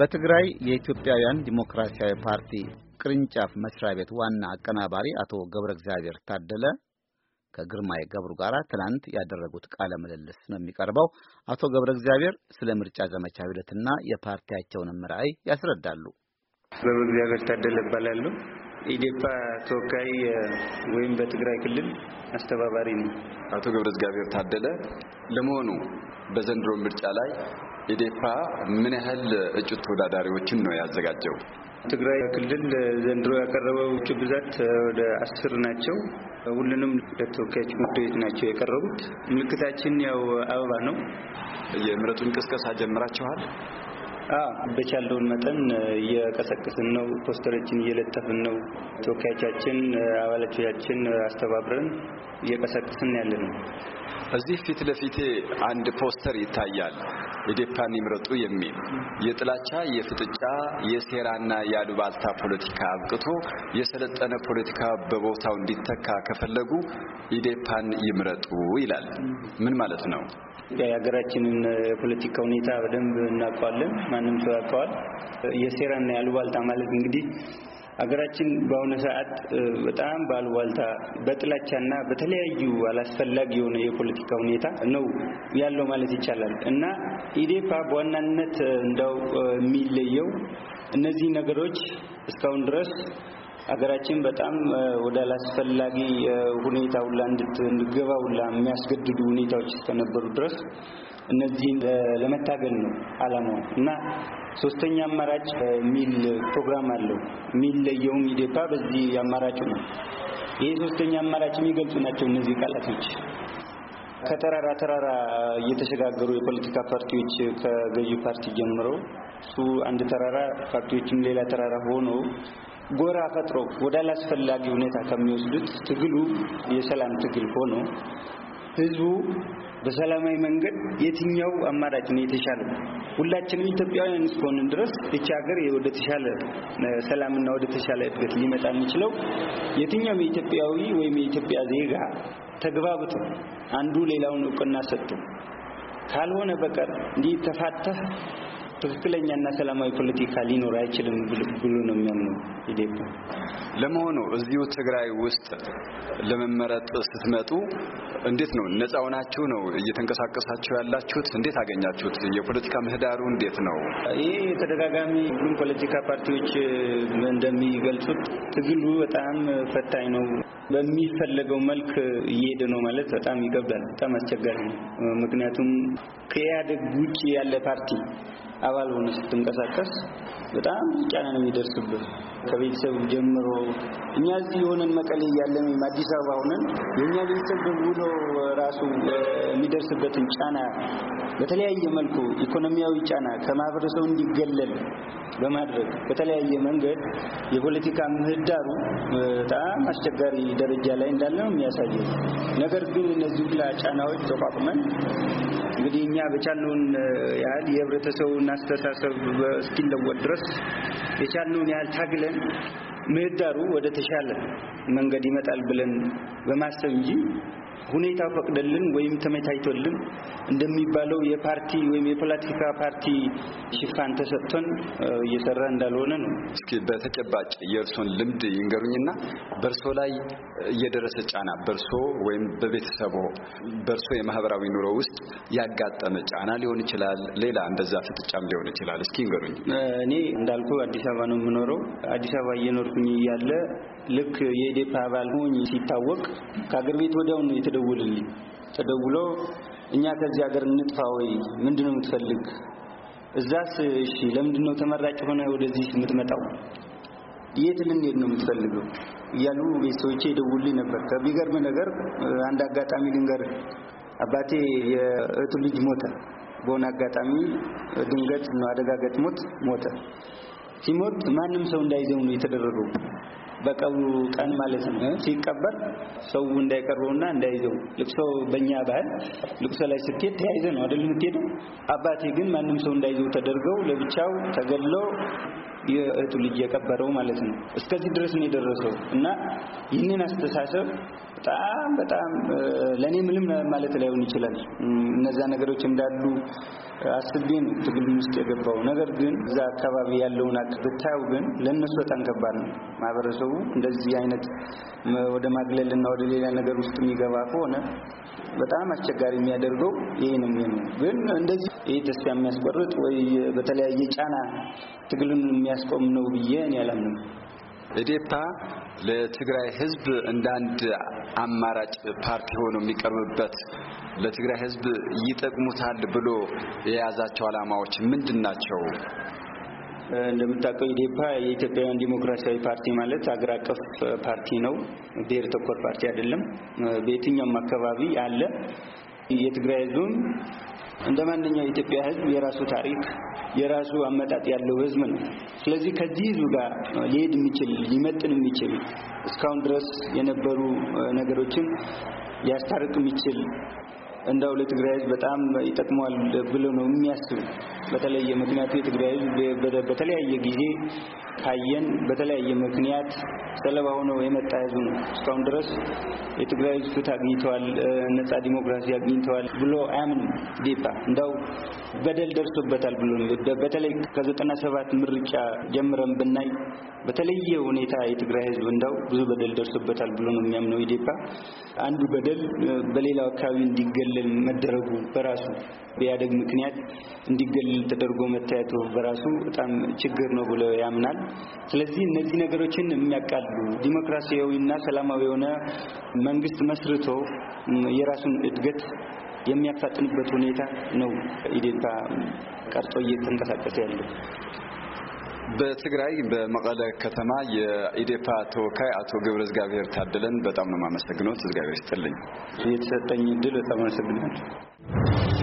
በትግራይ የኢትዮጵያውያን ዲሞክራሲያዊ ፓርቲ ቅርንጫፍ መስሪያ ቤት ዋና አቀናባሪ አቶ ገብረ እግዚአብሔር ታደለ ከግርማይ ገብሩ ጋር ትናንት ያደረጉት ቃለ ምልልስ ነው የሚቀርበው። አቶ ገብረ እግዚአብሔር ስለ ምርጫ ዘመቻ ሂደትና የፓርቲያቸውንም ራዕይ ያስረዳሉ። ገብረ እግዚአብሔር ታደለ እባላለሁ። ኢዴፓ ተወካይ ወይም በትግራይ ክልል አስተባባሪ ነው አቶ ገብረ እግዚአብሔር ታደለ። ለመሆኑ በዘንድሮ ምርጫ ላይ ኢዴፓ ምን ያህል እጩ ተወዳዳሪዎችን ነው ያዘጋጀው? ትግራይ ክልል ዘንድሮ ያቀረበው እጩ ብዛት ወደ አስር ናቸው። ሁሉንም ለተወካዮች ምክር ቤት ናቸው የቀረቡት። ምልክታችን ያው አበባ ነው። የምረጡን ቅስቀሳ ጀምራችኋል? በቻለውን መጠን እየቀሰቀስን ነው። ፖስተሮችን እየለጠፍን ነው። ተወካዮቻችን፣ አባላቶቻችን አስተባብረን እየቀሰቀስን ያለ ነው። እዚህ ፊት ለፊቴ አንድ ፖስተር ይታያል። ኢዴፓን ይምረጡ የሚል የጥላቻ የፍጥጫ የሴራና የአሉባልታ ፖለቲካ አብቅቶ የሰለጠነ ፖለቲካ በቦታው እንዲተካ ከፈለጉ ኢዴፓን ይምረጡ ይላል። ምን ማለት ነው? የሀገራችንን የፖለቲካ ሁኔታ በደንብ እናውቀዋለን። ማንም ሰው ያውቀዋል። የሴራና ያሉባልታ ማለት እንግዲህ አገራችን በአሁኑ ሰዓት በጣም ባሉባልታ በጥላቻና በተለያዩ አላስፈላጊ የሆነ የፖለቲካ ሁኔታ ነው ያለው ማለት ይቻላል እና ኢዴፓ በዋናነት እንደው የሚለየው እነዚህ ነገሮች እስካሁን ድረስ አገራችን በጣም ወደ አላስፈላጊ ሁኔታ ሁላ እንድትገባ ሁላ የሚያስገድዱ ሁኔታዎች እስከነበሩ ድረስ እነዚህን ለመታገል ነው አላማው እና ሶስተኛ አማራጭ ሚል ፕሮግራም አለው። የሚለየውም ኢዴፓ በዚህ አማራጩ ነው። ይሄ ሶስተኛ አማራጭ የሚገልጹ ናቸው እነዚህ ቃላቶች። ከተራራ ተራራ እየተሸጋገሩ የፖለቲካ ፓርቲዎች ከገዢ ፓርቲ ጀምሮ እሱ አንድ ተራራ ፓርቲዎችም ሌላ ተራራ ሆኖ ጎራ ፈጥሮ ወደ አላስፈላጊ ሁኔታ ከሚወስዱት ትግሉ የሰላም ትግል ሆኖ ህዝቡ በሰላማዊ መንገድ የትኛው አማራጭ ነው የተሻለው? ሁላችንም ኢትዮጵያውያን እስከሆንን ድረስ እቺ ሀገር ወደ ተሻለ ሰላምና ወደ ተሻለ እድገት ሊመጣ የሚችለው የትኛውም የኢትዮጵያዊ ወይም የኢትዮጵያ ዜጋ ተግባብቶ አንዱ ሌላውን እውቅና ሰጥቶ ካልሆነ በቀር እንዲህ ተፋተህ ትክክለኛና ሰላማዊ ፖለቲካ ሊኖር አይችልም ብሎ ነው የሚያምነው ኢዴፓ። ለመሆኑ እዚሁ ትግራይ ውስጥ ለመመረጥ ስትመጡ እንዴት ነው ነፃ ሆናችሁ ነው እየተንቀሳቀሳችሁ ያላችሁት? እንዴት አገኛችሁት? የፖለቲካ ምህዳሩ እንዴት ነው? ይህ ተደጋጋሚ ሁሉም ፖለቲካ ፓርቲዎች እንደሚገልጹት ትግሉ በጣም ፈታኝ ነው። በሚፈለገው መልክ እየሄደ ነው ማለት በጣም ይገብዳል። በጣም አስቸጋሪ ነው። ምክንያቱም ከኢህአዴግ ውጭ ያለ ፓርቲ አባል ሆነ ስትንቀሳቀስ በጣም ጫና ነው የሚደርስብህ ከቤተሰብ ጀምሮ እኛ እዚህ የሆነን መቀሌ እያለን ወይም አዲስ አበባ ሆነን የእኛ ቤተሰብ ውሎ ራሱ የሚደርስበትን ጫና በተለያየ መልኩ ኢኮኖሚያዊ ጫና ከማህበረሰቡ እንዲገለል በማድረግ በተለያየ መንገድ የፖለቲካ ምህዳሩ በጣም አስቸጋሪ ደረጃ ላይ እንዳለ ነው የሚያሳየው። ነገር ግን እነዚህ ሁላ ጫናዎች ተቋቁመን እንግዲህ እኛ በቻልነውን ያህል የህብረተሰቡን አስተሳሰብ እስኪለወጥ ድረስ የቻልነውን ያህል ታግለን ምህዳሩ ወደ ተሻለ መንገድ ይመጣል ብለን በማሰብ እንጂ ሁኔታ ፈቅደልን ወይም ተመቻችቶልን እንደሚባለው የፓርቲ ወይም የፖለቲካ ፓርቲ ሽፋን ተሰጥቶን እየሰራ እንዳልሆነ ነው። እስኪ በተጨባጭ የእርሶን ልምድ ይንገሩኝና በእርሶ ላይ እየደረሰ ጫና በእርሶ ወይም በቤተሰቦ በእርሶ የማህበራዊ ኑሮ ውስጥ ያጋጠመ ጫና ሊሆን ይችላል፣ ሌላ እንደዛ ፍጥጫም ሊሆን ይችላል። እስኪ ይንገሩኝ። እኔ እንዳልኩ አዲስ አበባ ነው የምኖረው። አዲስ አበባ እየኖርኩኝ እያለ ልክ የኢዴፓ አባል ሆኝ ሲታወቅ ከአገር ቤት ወዲያውኑ ትደውልልኝ። ተደውሎ እኛ ከዚህ ሀገር እንጥፋ ወይ ምንድነው የምትፈልግ? እዛስ እሺ፣ ነው ተመራጭ ሆነ ወደዚህ የምትመጣው? የት ልንሄድ ነው የምትፈልገው? እያሉ ቤተሰቦቼ ይደውልልኝ ነበር። ከሚገርም ነገር አንድ አጋጣሚ ልንገር። አባቴ የእህቱ ልጅ ሞተ። በሆነ አጋጣሚ ድንገት ነው አደጋ ገጥሞት ሞተ። ሲሞት ማንም ሰው እንዳይዘው ነው የተደረገው። በቀብሩ ቀን ማለት ነው። ሲቀበር ሰው እንዳይቀርበውና እንዳይዘው ልቅሶ በእኛ ባህል ልቅሶ ላይ ስትሄድ ተያይዘ ነው አይደል የምትሄደው። አባቴ ግን ማንም ሰው እንዳይዘው ተደርገው ለብቻው ተገድሎ የእህቱ ልጅ የቀበረው ማለት ነው። እስከዚህ ድረስ ነው የደረሰው እና ይህንን አስተሳሰብ በጣም በጣም ለእኔ ምንም ማለት ላይሆን ይችላል። እነዛ ነገሮች እንዳሉ አስቤ ነው ትግል ውስጥ የገባው። ነገር ግን እዛ አካባቢ ያለውን አቅ ብታየው ግን ለእነሱ በጣም ከባድ ነው። ማህበረሰቡ እንደዚህ አይነት ወደ ማግለልና ወደ ሌላ ነገር ውስጥ የሚገባ ከሆነ በጣም አስቸጋሪ የሚያደርገው ይሄ ነው የሚሆነው። ግን እንደዚህ ይሄ ተስፋ የሚያስቆርጥ ወይ በተለያየ ጫና ትግሉን የሚያስቆም ነው ብዬ እኔ አላምንም። ኢዴፓ ለትግራይ ህዝብ እንደ አንድ አማራጭ ፓርቲ ሆኖ የሚቀርብበት ለትግራይ ህዝብ ይጠቅሙታል ብሎ የያዛቸው ዓላማዎች ምንድን ናቸው? እንደምታውቀው ኢዴፓ የኢትዮጵያውያን ዲሞክራሲያዊ ፓርቲ ማለት አገር አቀፍ ፓርቲ ነው። ብሔር ተኮር ፓርቲ አይደለም። በየትኛውም አካባቢ አለ። የትግራይ ህዝብም እንደ ማንኛው የኢትዮጵያ ህዝብ የራሱ ታሪክ የራሱ አመጣጥ ያለው ህዝብ ነው። ስለዚህ ከዚህ ህዝብ ጋር ሊሄድ የሚችል ሊመጥን የሚችል እስካሁን ድረስ የነበሩ ነገሮችን ሊያስታርቅ የሚችል እንደው ለትግራይ ህዝብ በጣም ይጠቅመዋል ብሎ ነው የሚያስብ። በተለየ ምክንያቱ የትግራይ ህዝብ በተለያየ ጊዜ ካየን በተለያየ ምክንያት ሰለባ ሆኖ የመጣ ህዝብ ነው። እስካሁን ድረስ የትግራይ ህዝብ ፍትህ አግኝተዋል፣ ነጻ ዲሞክራሲ አግኝተዋል ብሎ አያምንም። ዴፓ እንዳው በደል ደርሶበታል ብሎ በተለይ ከዘጠና ሰባት ምርጫ ጀምረን ብናይ በተለየ ሁኔታ የትግራይ ህዝብ እንዳው ብዙ በደል ደርሶበታል ብሎ ነው የሚያምነው ኢዴፓ። አንዱ በደል በሌላው አካባቢ እንዲገለል መደረጉ በራሱ በኢህአዴግ ምክንያት እንዲገለል ተደርጎ መታየቱ በራሱ በጣም ችግር ነው ብሎ ያምናል። ስለዚህ እነዚህ ነገሮችን የሚያቃሉ ዲሞክራሲያዊና ሰላማዊ የሆነ መንግስት መስርቶ የራሱን እድገት የሚያፋጥንበት ሁኔታ ነው ኢዴፓ ቀርጾ እየተንቀሳቀሰ ያለው። በትግራይ በመቀለ ከተማ የኢዴፓ ተወካይ አቶ ገብረ እግዚአብሔር ታደለን በጣም ነው የማመሰግነው። እግዚአብሔር ይስጥልኝ። የተሰጠኝ እድል በጣም አመሰግናለሁ።